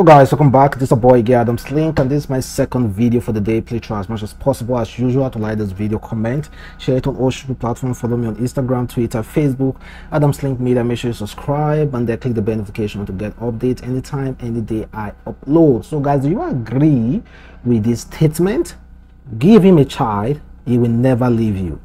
up guys welcome back this is a boy Gay Adams Link and this is my second video for the day please try as much as possible as usual to like this video comment share it on all social platforms follow me on Instagram Twitter Facebook Adams Link Media make sure you subscribe and then click the bell notification to get updates anytime any day I upload so guys do you agree with this statement give him a child he will never leave you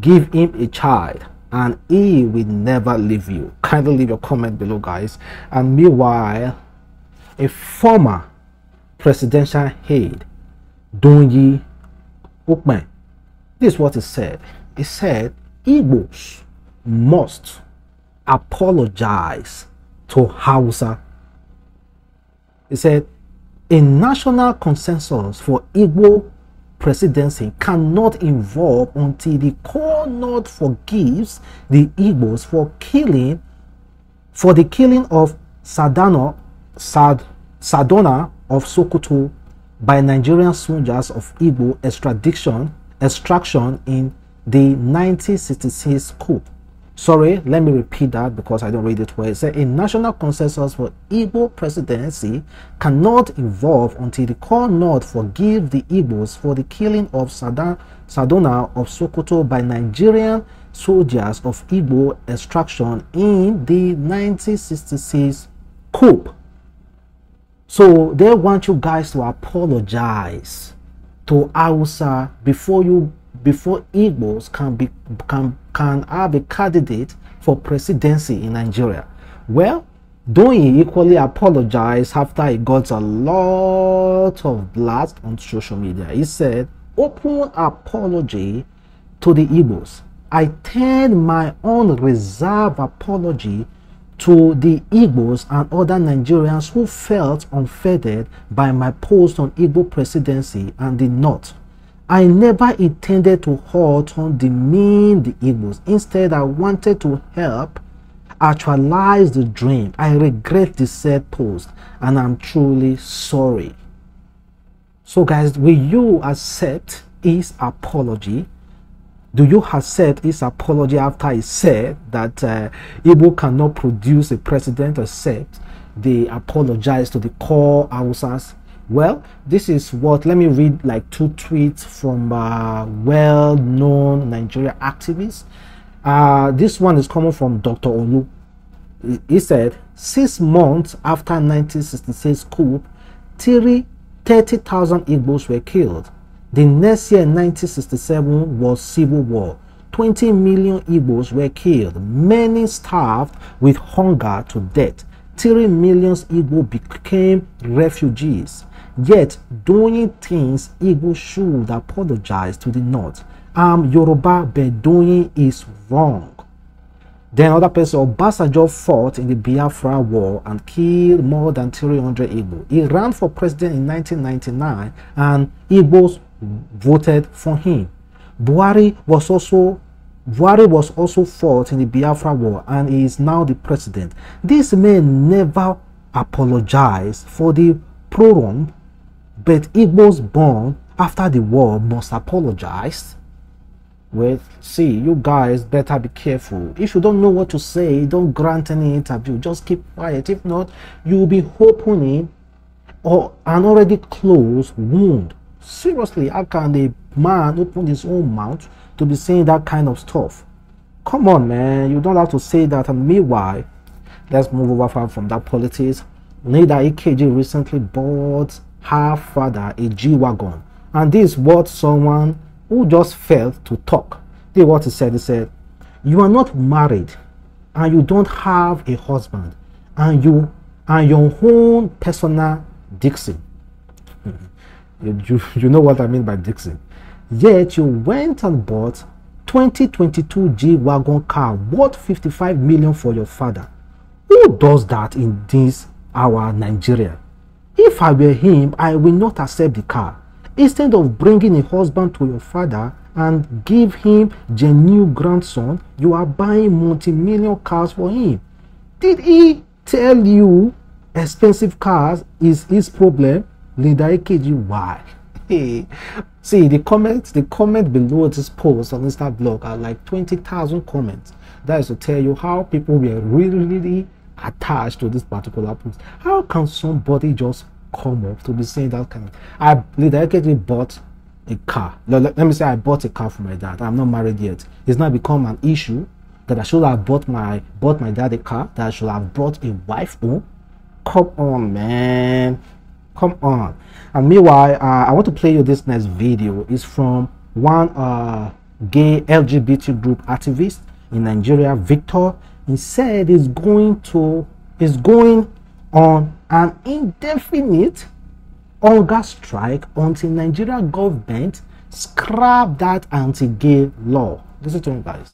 give him a child and he will never leave you kindly leave your comment below guys and meanwhile a former presidential aide, Donyi Ukman. This is what he said. He said, Igbos must apologize to Hausa. He said, a national consensus for Igbo presidency cannot evolve until the core north forgives the Igbos for killing, for the killing of Sadano Sad, Sadona of Sokoto by Nigerian soldiers of Igbo extradition extraction in the 1966 coup. Sorry, let me repeat that because I don't read it well. It said a national consensus for Igbo presidency cannot evolve until the core north forgive the Igbos for the killing of Sada, Sadona of Sokoto by Nigerian soldiers of Igbo extraction in the 1966 coup. So they want you guys to apologize to Ausa before you before Igbos can be can can have a candidate for presidency in Nigeria. Well, Doyin equally apologize after he got a lot of blast on social media. He said, open apology to the Igbos. I turn my own reserve apology to the Igbos and other Nigerians who felt unfettered by my post on Igbo presidency and the North. I never intended to hurt or demean the Igbos. Instead, I wanted to help actualize the dream. I regret the said post and I'm truly sorry. So guys, will you accept his apology do you accept his apology after he said that uh, Igbo cannot produce a president except they apologize to the core Hausas? Well, this is what, let me read like two tweets from uh, well-known Nigeria activists. Uh, this one is coming from Dr. Olu. He said, six months after 1966 coup, 30,000 Igbos were killed the next year, 1967, was civil war. 20 million Igbos were killed, many starved with hunger to death. 3 million Igbos became refugees. Yet, doing things Igbos should apologize to the North. I'm Yoruba, but doing is wrong. Then another person, Obasanjo fought in the Biafra war and killed more than 300 Igbo. He ran for president in 1999 and Igbos voted for him. Buhari was also Buhari was also fought in the Biafra war and he is now the president. This man never apologized for the prorom, but Igbos born after the war must apologize. Well, see, you guys better be careful. If you don't know what to say, don't grant any interview. Just keep quiet. If not, you'll be opening or an already closed wound Seriously, how can a man open his own mouth to be saying that kind of stuff? Come on, man, you don't have to say that. And meanwhile, let's move over far from that politics. Neither EKG recently bought her father a G Wagon, and this was someone who just failed to talk. They what he said, he said, You are not married, and you don't have a husband, and you and your own personal Dixie you, you, you know what I mean by Dixon. Yet you went and bought 2022 G Wagon car worth 55 million for your father. Who does that in this our Nigeria? If I were him, I will not accept the car. Instead of bringing a husband to your father and give him the new grandson, you are buying multi-million cars for him. Did he tell you expensive cars is his problem? Leader AKGY. why. see the comments, the comment below this post on Insta blog are like 20,000 comments. That is to tell you how people were really, really attached to this particular post. How can somebody just come up to be saying that kind of I Leader AKGY bought a car. Let, me say I bought a car for my dad. I'm not married yet. It's now become an issue that I should have bought my bought my dad a car, that I should have brought a wife home. Come on, man come on and meanwhile uh, i want to play you this next video is from one uh, gay lgbt group activist in nigeria victor he said he's going to he's going on an indefinite hunger strike until nigeria government scrap that anti-gay law listen to him guys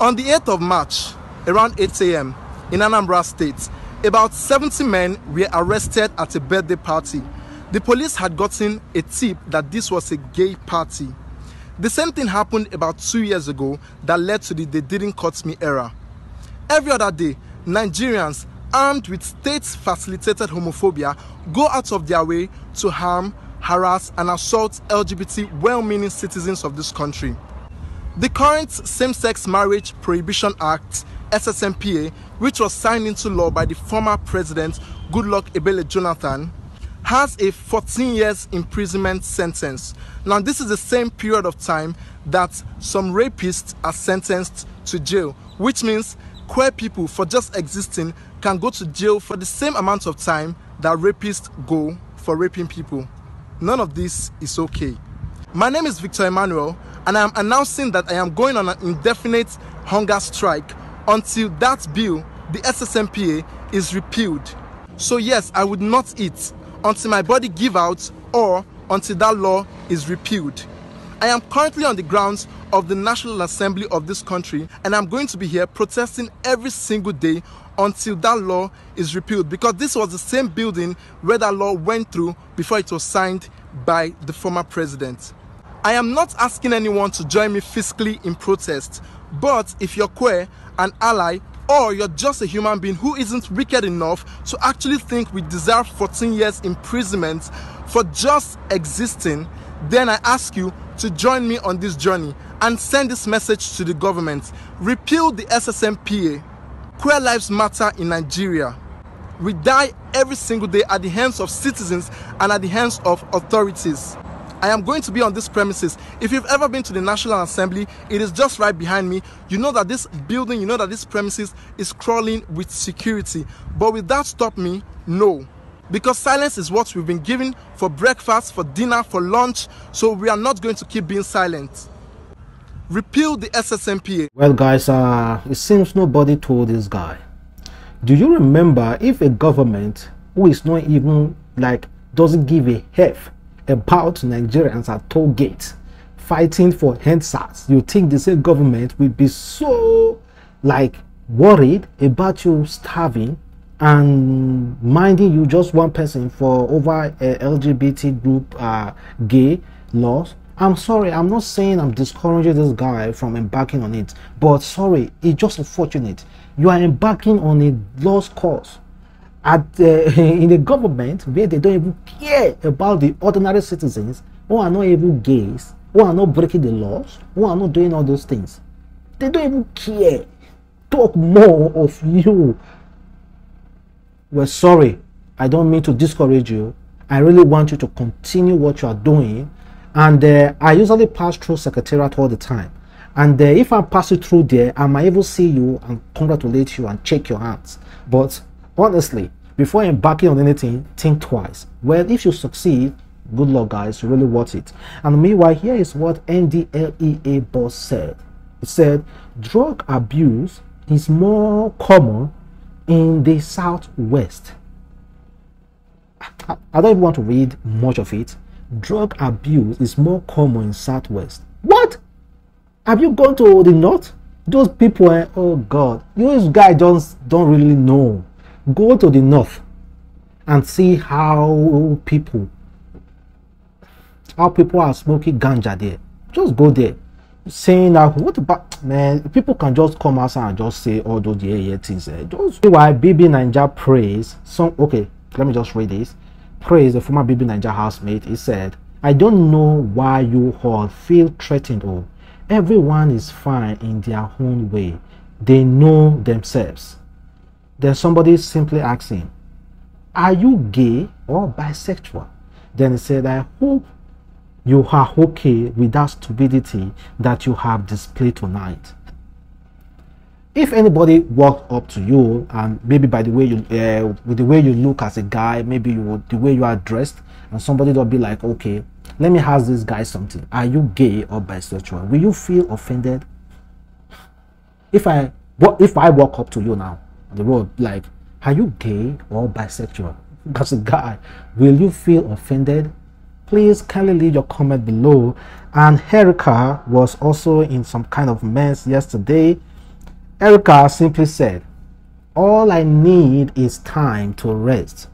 on the 8th of march around 8 a.m in anambra state about 70 men were arrested at a birthday party. The police had gotten a tip that this was a gay party. The same thing happened about two years ago that led to the They Didn't Cut Me era. Every other day, Nigerians armed with state facilitated homophobia go out of their way to harm, harass, and assault LGBT well meaning citizens of this country. The current Same Sex Marriage Prohibition Act, SSMPA, which was signed into law by the former president Goodluck Ebele Jonathan, has a 14 years imprisonment sentence. Now, this is the same period of time that some rapists are sentenced to jail, which means queer people, for just existing, can go to jail for the same amount of time that rapists go for raping people. None of this is okay. My name is Victor Emmanuel, and I am announcing that I am going on an indefinite hunger strike until that bill the SSMPA is repealed. So yes, I would not eat until my body give out or until that law is repealed. I am currently on the grounds of the National Assembly of this country and I'm going to be here protesting every single day until that law is repealed because this was the same building where that law went through before it was signed by the former president. I am not asking anyone to join me fiscally in protest, but if you're queer, an ally, or you're just a human being who isn't wicked enough to actually think we deserve 14 years imprisonment for just existing, then I ask you to join me on this journey and send this message to the government. Repeal the SSMPA. Queer lives matter in Nigeria. We die every single day at the hands of citizens and at the hands of authorities. I am going to be on this premises. If you've ever been to the National Assembly, it is just right behind me. You know that this building, you know that this premises is crawling with security. But will that stop me? No. Because silence is what we've been given for breakfast, for dinner, for lunch. So we are not going to keep being silent. Repeal the SSMPA. Well, guys, uh, it seems nobody told this guy. Do you remember if a government who is not even like doesn't give a a F about Nigerians at toll gates fighting for handsets. You think the same government will be so like worried about you starving and minding you just one person for over a LGBT group uh, gay laws. I'm sorry, I'm not saying I'm discouraging this guy from embarking on it, but sorry, it's just unfortunate. You are embarking on a lost cause at uh, in a government where they don't even care about the ordinary citizens who are not even gays, who are not breaking the laws, who are not doing all those things. They don't even care. Talk more of you. We're sorry. I don't mean to discourage you. I really want you to continue what you are doing. And uh, I usually pass through secretariat all the time. And uh, if I pass you through there, I might even see you and congratulate you and shake your hands. But Honestly, before embarking on anything, think twice. Well, if you succeed, good luck guys, really worth it. And meanwhile, here is what NDLEA boss said. He said, drug abuse is more common in the southwest. I don't even want to read much of it. Drug abuse is more common in southwest. What? Have you gone to the north? Those people, eh, oh God, those guys don't don't really know Go to the north and see how people how people are smoking ganja there. Just go there. Saying that what about man, people can just come outside and just say all those yeah yeah things. Eh? Just see why BB Ninja prays some okay, let me just read this. Praise the former BB Ninja housemate. He said, I don't know why you all feel threatened Oh, everyone is fine in their own way. They know themselves. Then somebody simply asks him, Are you gay or bisexual? Then he said, I hope you are okay with that stupidity that you have displayed tonight. If anybody walked up to you and maybe by the way you, uh, with the way you look as a guy, maybe you, the way you are dressed, and somebody will be like, okay, let me ask this guy something. Are you gay or bisexual? Will you feel offended? If I, if I walk up to you now the road like, are you gay or bisexual? As a guy, will you feel offended? Please kindly leave your comment below. And Erica was also in some kind of mess yesterday. Erica simply said, all I need is time to rest.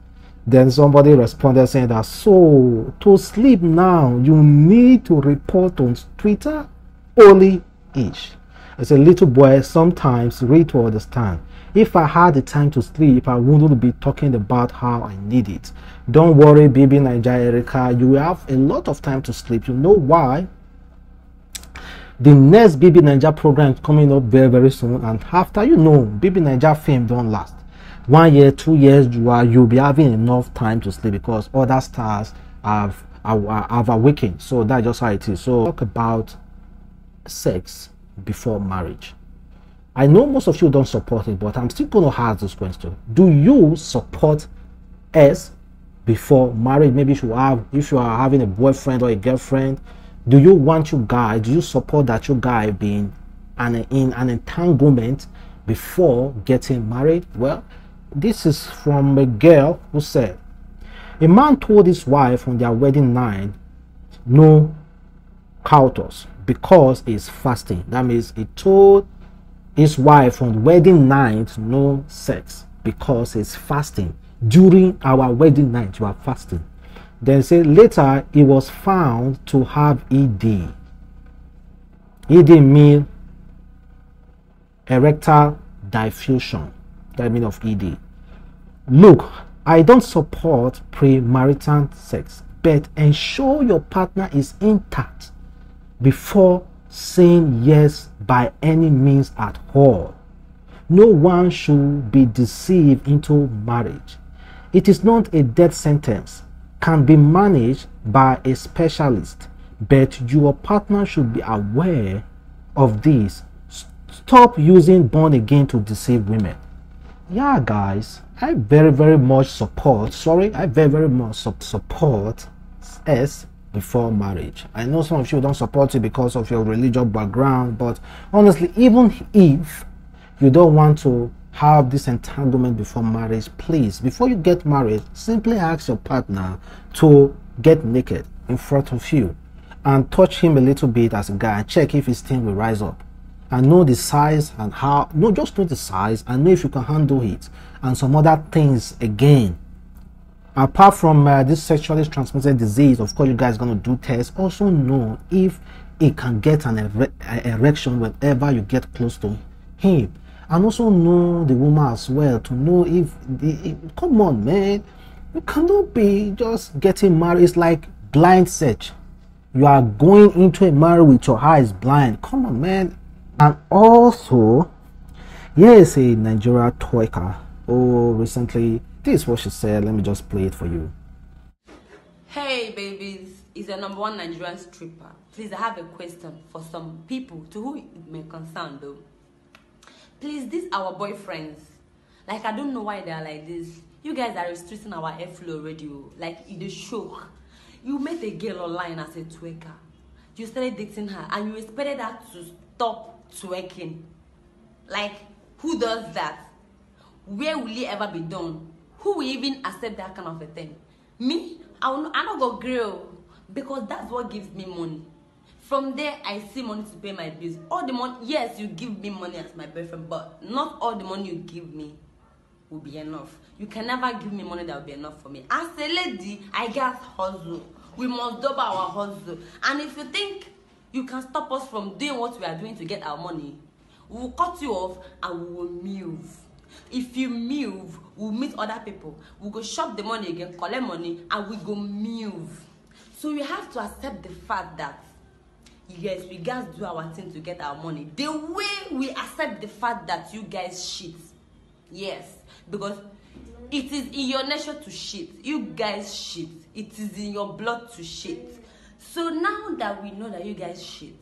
Then somebody responded saying that, so to sleep now, you need to report on Twitter only ish. As a little boy, sometimes read to understand. If I had the time to sleep, I wouldn't be talking about how I need it. Don't worry, baby Nigeria Erica, you have a lot of time to sleep. You know why? The next baby Niger program is coming up very, very soon. And after you know, baby Niger fame don't last. One year, two years, you are you'll be having enough time to sleep because other stars have have awakened. So that's just how it is. So talk about sex before marriage. I know most of you don't support it, but I'm still going to ask this question. Do you support S before marriage? Maybe you should have, if you are having a boyfriend or a girlfriend, do you want your guy, do you support that your guy being an, in an entanglement before getting married? Well, this is from a girl who said, a man told his wife on their wedding night, no kautos because he's fasting. That means he told his wife on wedding night no sex because he's fasting during our wedding night you are fasting then say later he was found to have ed ed mean erectile diffusion that mean of ed look i don't support premarital sex but ensure your partner is intact before saying yes by any means at all. No one should be deceived into marriage. It is not a death sentence, can be managed by a specialist, but your partner should be aware of this. Stop using born again to deceive women. Yeah, guys, I very, very much support, sorry, I very, very much support S before marriage. I know some of you don't support it because of your religious background, but honestly, even if you don't want to have this entanglement before marriage, please, before you get married, simply ask your partner to get naked in front of you and touch him a little bit as a guy and check if his thing will rise up and know the size and how no just know the size and know if you can handle it and some other things again apart from uh, this sexually transmitted disease of course you guys going to do tests also know if he can get an uh, erection whenever you get close to him and also know the woman as well to know if the if, come on man you cannot be just getting married it's like blind search you are going into a marriage with your eyes blind come on man and also yes a nigeria twerker oh recently this is what she said. Let me just play it for you. Hey, babies. Is a number one Nigerian stripper. Please, I have a question for some people to who it may concern, though. Please, these our boyfriends. Like, I don't know why they are like this. You guys are restricting our airflow radio. Oh. Like, in a show, You met a girl online as a twerker. You started dating her and you expected her to stop twerking. Like, who does that? Where will it ever be done? who will even accept that kind of a thing? Me, I will not, I not go grill oh. because that's what gives me money. From there, I see money to pay my bills. All the money, yes, you give me money as my boyfriend, but not all the money you give me will be enough. You can never give me money that will be enough for me. As a lady, I get hustle. We must double our hustle. And if you think you can stop us from doing what we are doing to get our money, we will cut you off and we will move if you move we meet other people we go shop the money again collect money and we go move so we have to accept the fact that yes we gats do our thing to get our money the way we accept the fact that you guys shit yes because it is in your nature to shit you guys shit it is in your blood to shit so now that we know that you guys shit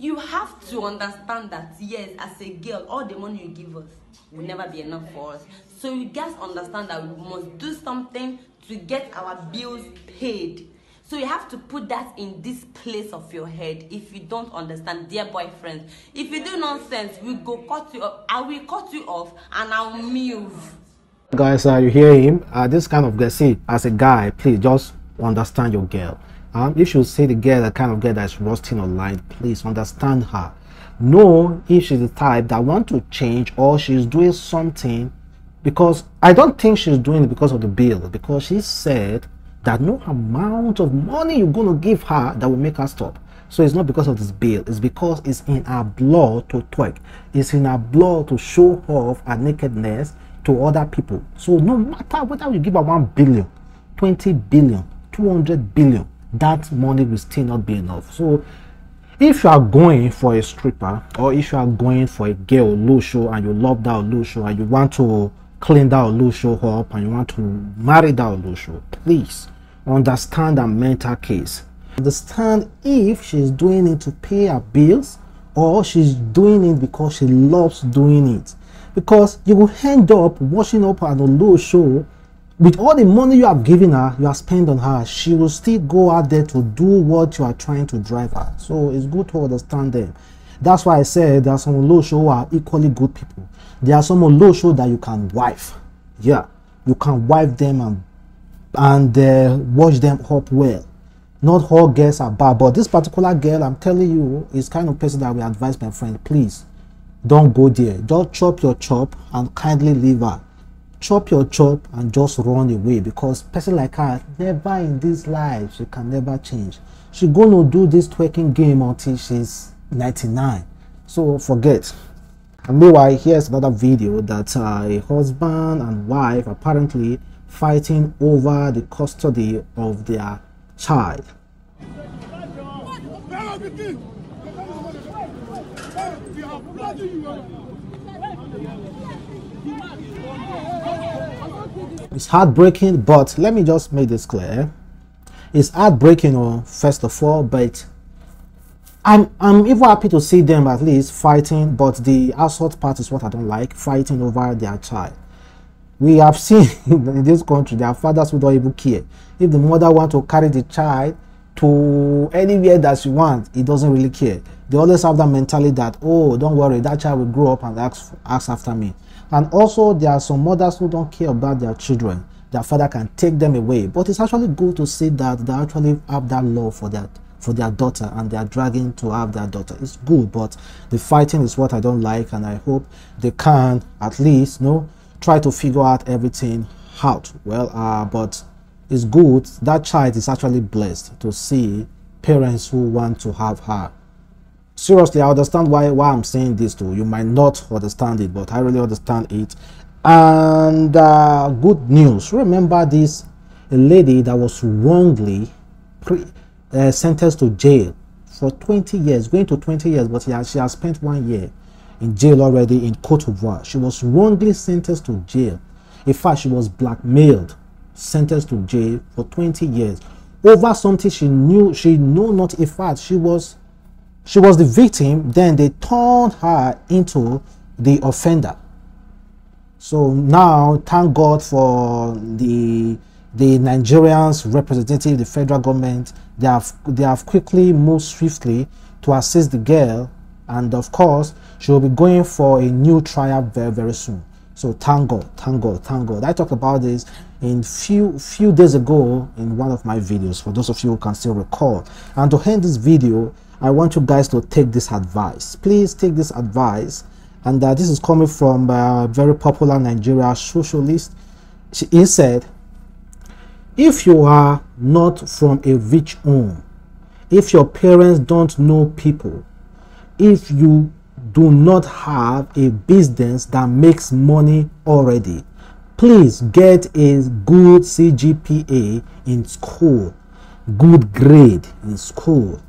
you have to understand that yes as a girl all the money you give us will never be enough for us so you guys understand that we must do something to get our bills paid so you have to put that in this place of your head if you don't understand dear boyfriend if you do nonsense we go cut you off i will cut you off and i will move guys uh, you hear him uh, this kind of guy see as a guy please just understand your girl Um, if you see the girl, the kind of girl that's rusting online, please understand her. Know if she's the type that want to change or she's doing something because I don't think she's doing it because of the bill. Because she said that no amount of money you're gonna give her that will make her stop. So it's not because of this bill. It's because it's in her blood to twerk. It's in her blood to show off her nakedness to other people. So no matter whether you give her one billion, twenty billion, two hundred billion that money will still not be enough. So if you are going for a stripper or if you are going for a gay show, and you love that show, and you want to clean that show up and you want to marry that show, please understand her mental case. Understand if she's doing it to pay her bills or she's doing it because she loves doing it. Because you will end up washing up at low show with all the money you have given her, you have spent on her, she will still go out there to do what you are trying to drive her. So it's good to understand them. That's why I said there are some Olosho who are equally good people. There are some Olosho that you can wife. Yeah, you can wife them and and uh, them up well. Not all girls are bad, but this particular girl, I'm telling you, is kind of person that we advise my friend, please don't go there. Don't chop your chop and kindly leave her chop your chop and just run away because person like her never in this life she can never change she gonna do this twerking game until she's 99 so forget and meanwhile here's another video that uh, a husband and wife apparently fighting over the custody of their child it's heartbreaking, but let me just make this clear. It's heartbreaking, or oh, first of all, but I'm I'm even happy to see them at least fighting. But the assault part is what I don't like, fighting over their child. We have seen in this country there are fathers who don't even care if the mother want to carry the child to anywhere that she wants. It doesn't really care. They always have that mentality that oh, don't worry, that child will grow up and ask ask after me. And also, there are some mothers who don't care about their children. Their father can take them away. But it's actually good to see that they actually have that love for that for their daughter and they are dragging to have their daughter. It's good, but the fighting is what I don't like, and I hope they can at least you know try to figure out everything out. Well, uh, but it's good that child is actually blessed to see parents who want to have her seriously i understand why why i'm saying this to you might not understand it but i really understand it and uh, good news remember this lady that was wrongly pre, uh, sentenced to jail for 20 years going to 20 years but she has, she has spent one year in jail already in cote d'ivoire she was wrongly sentenced to jail in fact she was blackmailed sentenced to jail for 20 years over something she knew she knew not in fact she was she was the victim, then they turned her into the offender. So now, thank God for the the Nigerians representative, the federal government, they have they have quickly moved swiftly to assist the girl, and of course, she will be going for a new trial very very soon. So thank God, thank God, thank God. I talked about this in few few days ago in one of my videos. For those of you who can still recall, and to end this video, I want you guys to take this advice. Please take this advice. And uh, this is coming from a uh, very popular Nigerian socialist. She, he said, If you are not from a rich home, if your parents don't know people, if you do not have a business that makes money already, please get a good CGPA in school, good grade in school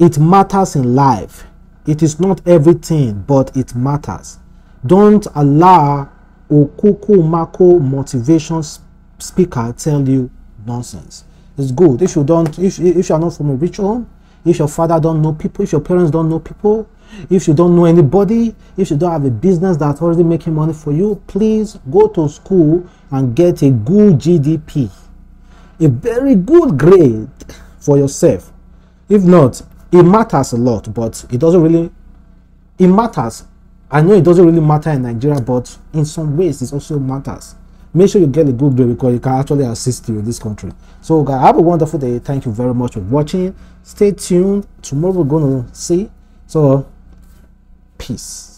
it matters in life. It is not everything, but it matters. Don't allow okuku mako motivation speaker tell you nonsense. It's good if you don't. If, if you are not from a rich home, if your father don't know people, if your parents don't know people, if you don't know anybody, if you don't have a business that's already making money for you, please go to school and get a good GDP, a very good grade for yourself. If not, it matters a lot, but it doesn't really it matters. I know it doesn't really matter in Nigeria, but in some ways it also matters. Make sure you get a good grade because it can actually assist you in this country. So guys, have a wonderful day. Thank you very much for watching. Stay tuned. Tomorrow we're gonna see. So peace.